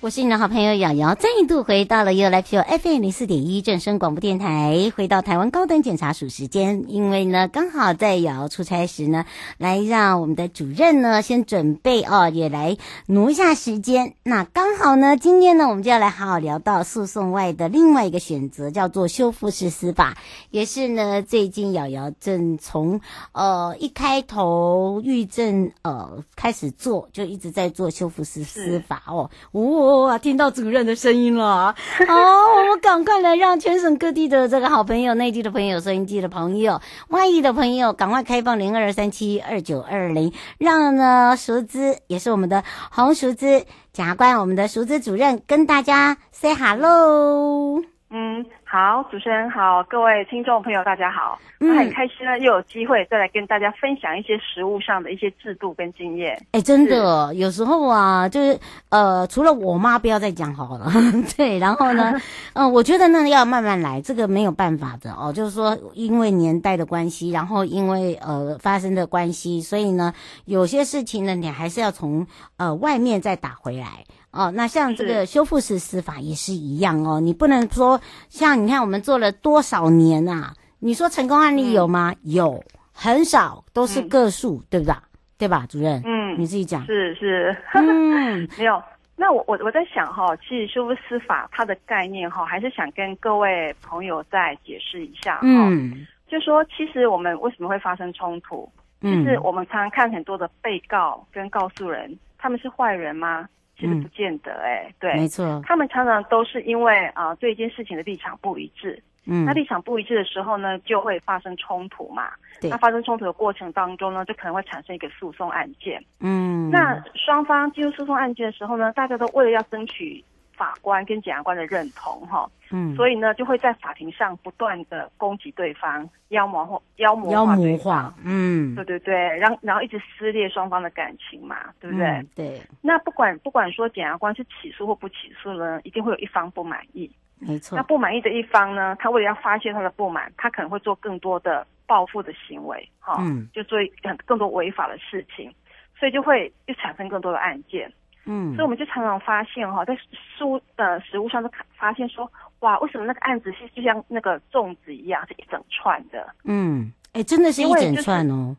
我是你的好朋友瑤瑤，再一度回到了 You l i e FM 零四點一正聲廣播電臺，回到臺灣高等檢察署時間。因為呢，剛好在瑤瑤出差時呢，來讓我們的主任呢先準備哦，也來挪一下時間。那剛好呢，今天呢，我們就要來好好聊到訴訟外的另外一個選擇，叫做修復式司法，也是呢，最近瑤瑤正從呃一開頭預症呃開始做，就一直在做修復式司法是哦，五、哦。哇！聽到主任的聲音了，好， oh, 我們趕快來讓全省各地的這個好朋友、內地的朋友、收音機的朋友、外地的朋友，趕快開放零二三七二九二零，讓呢淑姿，也是我們的洪淑姿檢察官，我們的淑姿主任跟大家 say hello。嗯，好，主持人好，各位聽眾朋友，大家好，嗯、很開心呢，又有機會再來跟大家分享一些實務上的一些制度跟經驗。哎、欸，真的，是有時候啊，就是呃，除了我媽，不要再講好了。 對，然後呢，嗯、 呃，我覺得呢，要慢慢來，這個沒有辦法的哦。就是說，因為年代的關係，然後因為呃發生的關係，所以呢，有些事情呢，你還是要從呃外面再打回來。哦，那像這個修復式司法也是一樣哦。是你不能說像你看我們做了多少年吶、啊？你說成功案例有嗎？嗯、有，很少，都是個數，對不對？對吧，主任？嗯，你自己講。是是，嗯， 沒有。那我我我在想哈、哦，其實修復司法它的概念哈、哦，還是想跟各位朋友再解釋一下、哦、嗯。就說其實我們為什麼會發生衝突？嗯。就是我們常常看很多的被告跟告訴人，他們是壞人嗎？其實不見得哎、欸，嗯、對，沒錯，他們常常都是因為啊、呃、對一件事情的立場不一致，嗯，那立場不一致的時候呢，就會發生衝突嘛，對，那發生衝突的過程當中呢，就可能會產生一個訴訟案件，嗯，那雙方進入訴訟案件的時候呢，大家都為了要爭取。法官跟檢察官的認同哈，嗯，所以呢，就會在法庭上不斷的攻擊對方，妖魔化、妖魔化對方，妖魔化，嗯，對對對、然，然後一直撕裂雙方的感情嘛，對不對？嗯、對。那不管不管說檢察官是起訴或不起訴呢，一定會有一方不滿意，沒錯。那不滿意的一方呢，他為了要發洩他的不滿，他可能會做更多的報復的行為，哈，嗯，就做更更多違法的事情，所以就會又產生更多的案件。嗯，所以我們就常常發現哈、哦，在書的實務上都看發現說，哇，為什麼那個案子是就像那個粽子一樣是一整串的？嗯，哎、欸，真的是一整串哦、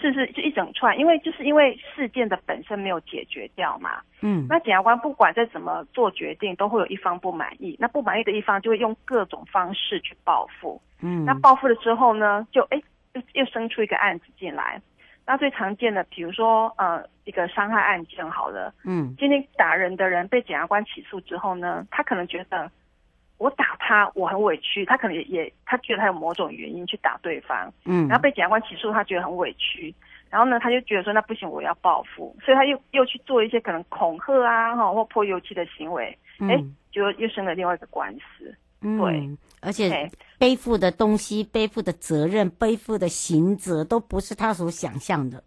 就是，是是，就一整串，因為就是因為事件的本身沒有解決掉嘛。嗯，那檢察官不管再怎麼做決定，都會有一方不滿意，那不滿意的一方就會用各種方式去報復。嗯，那報復了之後呢，就哎，又又生出一個案子進來。那最常見的，比如說呃。一個傷害案件好了，嗯，今天打人的人被檢察官起訴之後呢，他可能覺得我打他，我很委屈，他可能也他覺得他有某種原因去打對方，嗯，然後被檢察官起訴，他覺得很委屈，然後呢，他就覺得說，那不行，我要報復，所以他又又去做一些可能恐嚇啊、哦，哈或潑油漆的行為，哎，就又生了另外一個官司對、嗯，對、嗯，而且背負的東西、背負的責任、背負的刑責都不是他所想象的。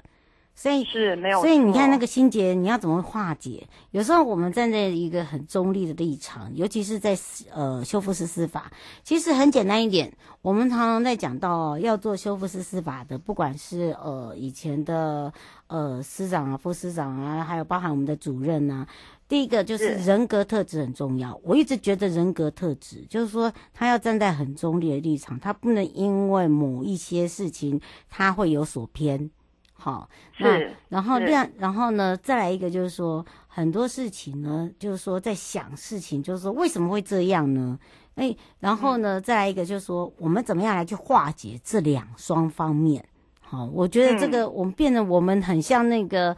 所以是沒有。所以你看那個心結，你要怎麼化解？有時候我們站在一個很中立的立場，尤其是在呃修復式司法，其實很簡單一點。我們常常在講到要做修復式司法的，不管是呃以前的呃司長啊、副司長啊，還有包含我們的主任啊，第一個就是人格特質很重要。是我一直覺得人格特質，就是說他要站在很中立的立場，他不能因為某一些事情他會有所偏。好、哦，那是然後這樣是，然後呢，再來一個就是說，很多事情呢，就是說在想事情，就是說為什麼會這樣呢？哎，然後呢，嗯、再來一個就是說我們怎麼樣來去化解這兩雙方面？好、哦，我覺得這個我們變得我們很像那個，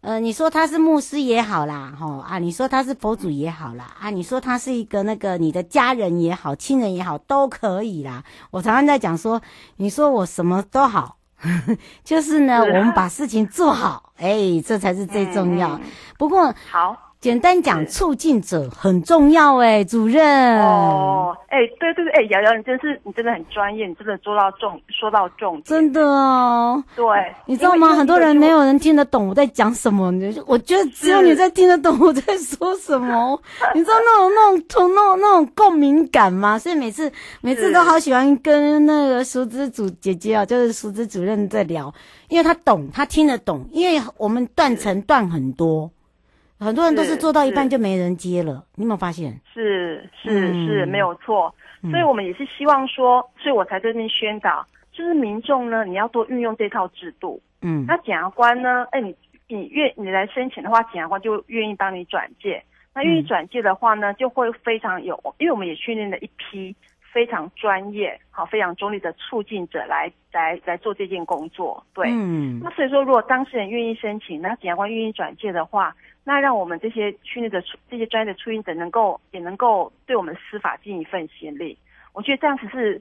嗯、呃，你說他是牧師也好啦，吼、哦、啊，你說他是佛祖也好啦，啊，你說他是一個那個你的家人也好，親人也好都可以啦。我常常在講說，你說我什麼都好。 就是呢，啊、我們把事情做好，哎、啊欸，這才是最重要。嗯、不過好。簡單講，是促進者很重要哎，主任。哦，哎、欸，對對對，欸、瑤瑤，你真的是，你真的很專業，你真的做到重，說到重，真的哦。對，啊、你知道嗎？很多人沒有人聽得懂我在講什麼是你，我覺得只有你在聽得懂我在說什麼。是你知道那種那種那種那種共鳴感嗎？所以每次是每次都好喜歡跟那個熟知主姐姐啊、喔，就是熟知主任在聊，嗯、因為他懂，他聽得懂，因為我們斷層斷很多。很多人都是做到一半就沒人接了，是你有沒有發現？是是是，是是嗯、沒有錯。所以我們也是希望說，所以我才對您宣導，就是民眾呢，你要多運用這套制度。嗯，那檢察官呢？哎，你你願你，你來申請的話，檢察官就願意幫你轉介。那願意轉介的話呢，嗯、就會非常有，因為我們也訓練了一批非常專業、好非常中立的促進者來來來做這件工作。對，嗯、那所以說，如果當事人願意申請，那檢察官願意轉介的話，那讓我們這些訓練的這些專業的促進者能夠也能夠對我們司法盡一份心力，我覺得這樣子是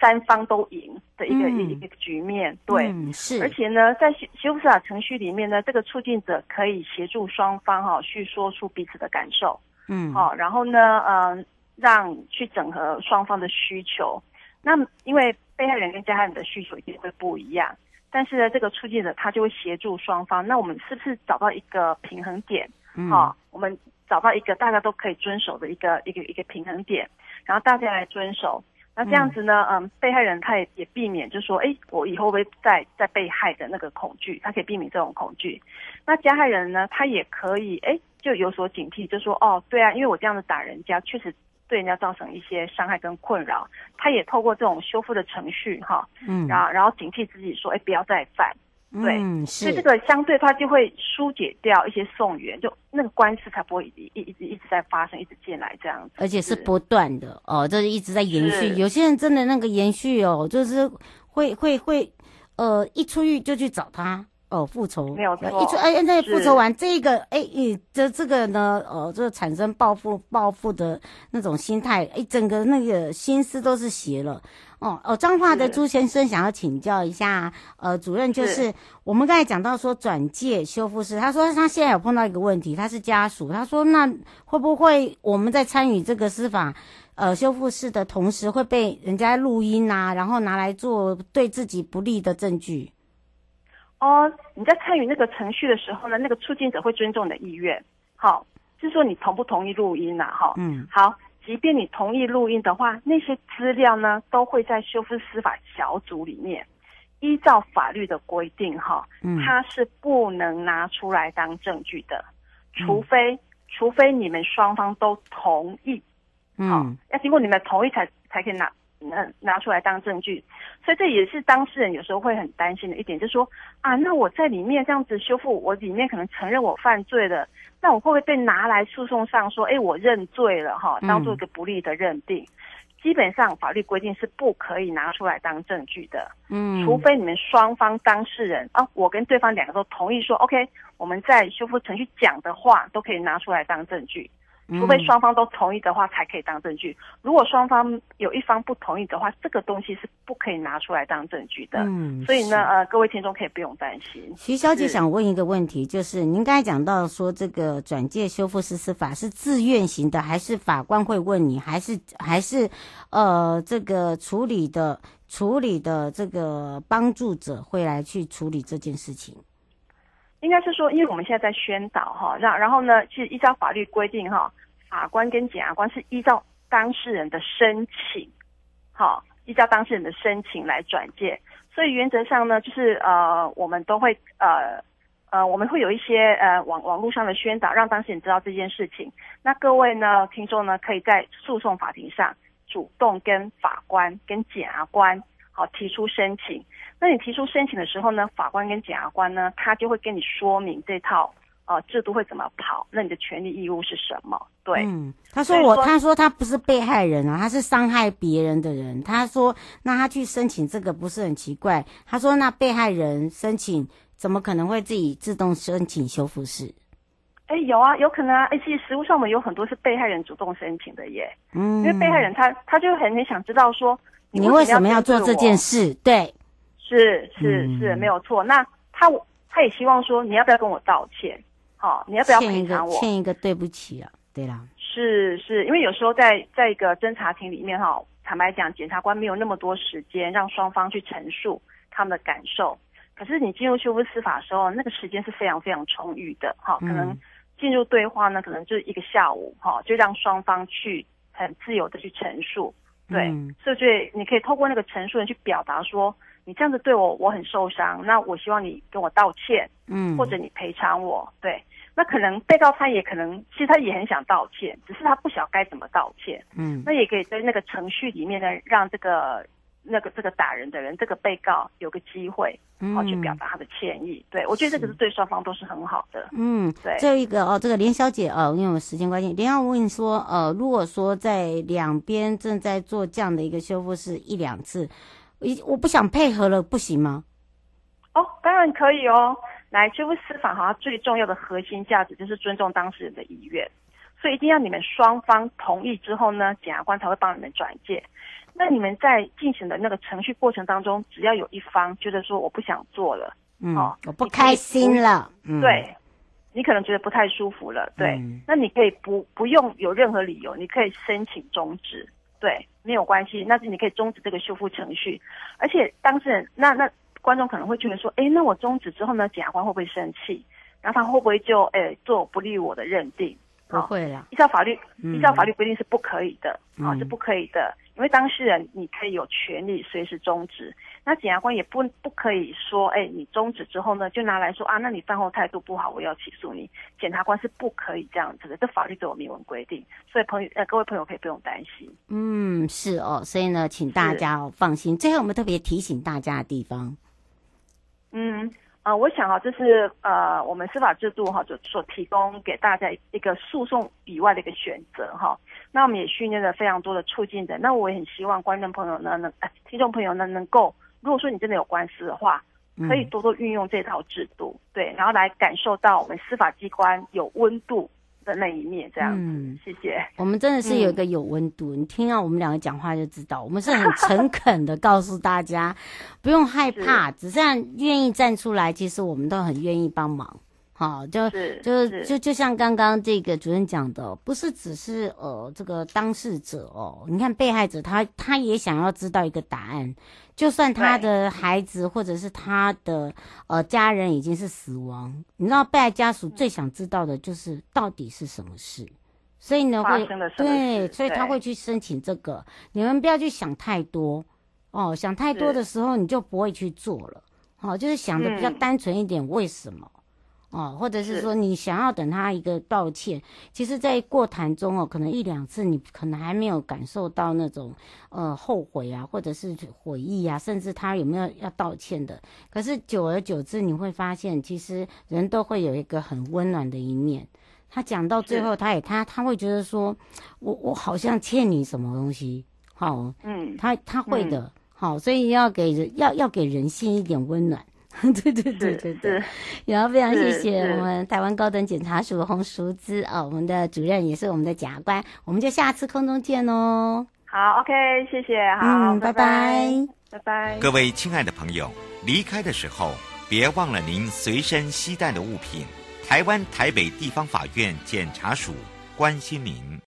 三方都贏的一個、嗯、一個局面。對，嗯、是。而且呢，在修修復司法程序裡面呢，這個促進者可以協助雙方哈、哦、去說出彼此的感受，嗯，好、哦，然後呢，嗯、呃，讓去整合雙方的需求。那因為被害人跟加害人的需求一定會不一樣。但是呢，這個促進者他就會協助雙方。那我們是不是找到一個平衡點？啊、嗯哦，我們找到一個大家都可以遵守的一個一個一個平衡點，然後大家來遵守。那這樣子呢，嗯，被害人他也也避免，就說，誒，我以後會不會再再被害的那個恐懼，他可以避免這種恐懼。那加害人呢，他也可以，誒，就有所警惕，就說，哦，對啊，因為我這樣子打人家，確實。對人家造成一些傷害跟困擾，他也透過這種修復的程序，哈，嗯，然後然後警惕自己說，誒，不要再犯。對，嗯、是。所以這個相對他就會疏解掉一些訟源，就那個官司才不會一直一直一,一,一直在發生，一直進來這樣子。而且是不斷的哦，就是一直在延續。是有些人真的那個延續哦，就是會會會，呃，一出獄就去找他。哦，復仇沒有錯，一出哎，那復仇完是這個哎，這這個呢，哦，就產生報復報復的那種心態，哎，整個那個心思都是邪了。哦哦，彰化的朱先生想要請教一下，是呃，主任就是,是我們剛才講到說轉介修復式，他說他現在有碰到一個問題，他是家屬，他說那會不會我們在參與這個司法呃修復式的同時，會被人家錄音吶、啊，然後拿來做對自己不利的證據？哦，oh, 你在參與那個程序的時候呢，那個促進者會尊重你的意願。好、哦，就是說你同不同意錄音啦、啊。哈、哦，嗯，好，即便你同意錄音的話，那些資料呢都會在修復司法小組裡面，依照法律的規定哈，它、哦嗯、是不能拿出來當證據的，除非、嗯、除非你們雙方都同意，好、嗯哦，要經過你們同意才才可以拿。嗯，拿出來當證據，所以這也是當事人有時候會很擔心的一點，就是說啊，那我在裡面這樣子修復，我裡面可能承認我犯罪了，那我會不會被拿來訴訟上說，誒，我認罪了哈，當做一個不利的認定？嗯，基本上法律規定是不可以拿出來當證據的，嗯，除非你們雙方當事人啊，我跟對方兩個都同意說，OK，我們在修復程序講的話，都可以拿出來當證據。除非雙方都同意的話，嗯、才可以當證據。如果雙方有一方不同意的話，這個東西是不可以拿出來當證據的。嗯，所以呢，是呃，各位聽眾可以不用擔心。徐小姐想問一個問題，是就是您剛才講到說，這個轉介修復式司法是自願型的，還是法官會問你，還是還是，呃，這個處理的處理的這個幫助者會來去處理這件事情？應該是說，因為我們現在在宣導哈，然然後呢，是依照法律規定哈。法官跟檢察官是依照當事人的申請，好，依照當事人的申請來轉介。所以原則上呢，就是呃，我們都會呃呃，我們會有一些呃網網路上的宣導，讓當事人知道這件事情。那各位呢，聽眾呢，可以在訴訟法庭上主動跟法官跟檢察官好提出申請。那你提出申請的時候呢，法官跟檢察官呢，他就會跟你說明這套。哦，制度會怎麼跑？那你的權利義務是什麼？對。嗯，他說我，說他說他不是被害人啊，他是傷害別人的人。他說，那他去申請這個不是很奇怪？他說，那被害人申請怎麼可能會自己自動申請修復式？哎，有啊，有可能啊。哎，其實實務上面有很多是被害人主動申請的耶。嗯，因為被害人他他就很很想知道說，你，說你，你為什麼要做這件事？對。是是是、嗯、沒有錯。那他他也希望說，你要不要跟我道歉？哦，你要不要賠償我欠？欠一個對不起啊，對啦，是是，因為有時候在在一個偵查庭裡面哈，坦白講，檢察官沒有那麼多時間讓雙方去陳述他們的感受，可是你進入修復司法的時候，那個時間是非常非常充裕的哈、哦，可能進入對話呢，嗯、可能就是一個下午哈、哦，就讓雙方去很自由的去陳述，對，嗯、所以你可以透過那個陳述人去表達說。你這樣子對我，我很受傷。那我希望你跟我道歉，嗯，或者你賠償我。對，那可能被告他也可能，其實他也很想道歉，只是他不曉得該怎麼道歉。嗯，那也可以在那個程序裡面呢，讓這個那個這個打人的人，這個被告有個機會，嗯，好、啊，去表達他的歉意。對，我覺得這個是對雙方都是很好的。嗯，對。最後一個哦，這個林小姐啊、哦，因為我們時間關係，林啊，我跟你說，呃，如果說在兩邊正在做這樣的一個修復，是一兩次。一我不想配合了，不行嗎？哦，當然可以哦。來，修復式司法，好，最重要的核心價值就是尊重當事人的意願，所以一定要你們雙方同意之後呢，檢察官才會幫你們轉介。那你們在進行的那個程序過程當中，只要有一方覺得說我不想做了，嗯、哦、我不開心了，嗯、對，你可能覺得不太舒服了，對，嗯、那你可以不不用有任何理由，你可以申請終止。對，沒有關係，那是你可以終止這個修復程序，而且當事人那那觀眾可能會覺得說，哎，那我終止之後呢，檢察官會不會生氣？然後他會不會就哎做不利於我的認定？不會啊，依照法律，嗯、依照法律規定是不可以的啊、嗯哦，是不可以的，因為當事人你可以有權利隨時終止。那檢察官也不不可以說，哎，你終止之後呢，就拿來說啊，那你犯後態度不好，我要起訴你。檢察官是不可以這樣子的，這法律都有明文規定。所以朋友，呃，各位朋友可以不用擔心。嗯，是哦，所以呢，請大家哦放心。是最後，我們特別提醒大家的地方，嗯，呃我想啊，這是呃，我們司法制度哈，就所提供給大家一個訴訟以外的一個選擇哈、呃。那我們也訓練了非常多的促進者，那我也很希望觀眾朋友呢，能，呃，聽眾朋友呢，能夠。如果說你真的有官司的話，可以多多運用這套制度，嗯、對，然後來感受到我們司法機關有溫度的那一面，這樣。嗯，謝謝。我們真的是有一個有溫度，嗯、你聽到我們兩個講話就知道，我們是很誠懇的告訴大家， 不用害怕，是只是願意站出來，其實我們都很願意幫忙。好，就就就就像剛剛這個主任講的，不是只是呃這個當事者哦、呃，你看被害者他他也想要知道一個答案，就算他的孩子或者是他的對呃家人已經是死亡，你知道被害家屬最想知道的就是到底是什麼事，嗯、所以呢會，對，所以他會去申請這個。對你們不要去想太多哦，想太多的時候你就不會去做了。是哦，就是想的比較單純一點，為什麼？嗯哦，或者是說你想要等他一個道歉，是其實，在過談中哦，可能一兩次你可能還沒有感受到那種呃後悔啊，或者是悔意啊，甚至他有沒有要道歉的。可是久而久之，你會發現，其實人都會有一個很溫暖的一面。他講到最後，他也是他他會覺得說，我我好像欠你什麼東西，好、哦，嗯，他他會的好、嗯哦，所以要給人要要給人性一點溫暖。 對對對對對，也要非常謝謝我們台灣高等檢察署洪淑姿啊、哦，我們的主任也是我們的檢察官，我們就下次空中見哦。好，OK，謝謝，好，嗯、拜拜，拜拜。各位親愛的朋友，離開的時候別忘了您隨身攜帶的物品。台灣台北地方法院檢察署關心您。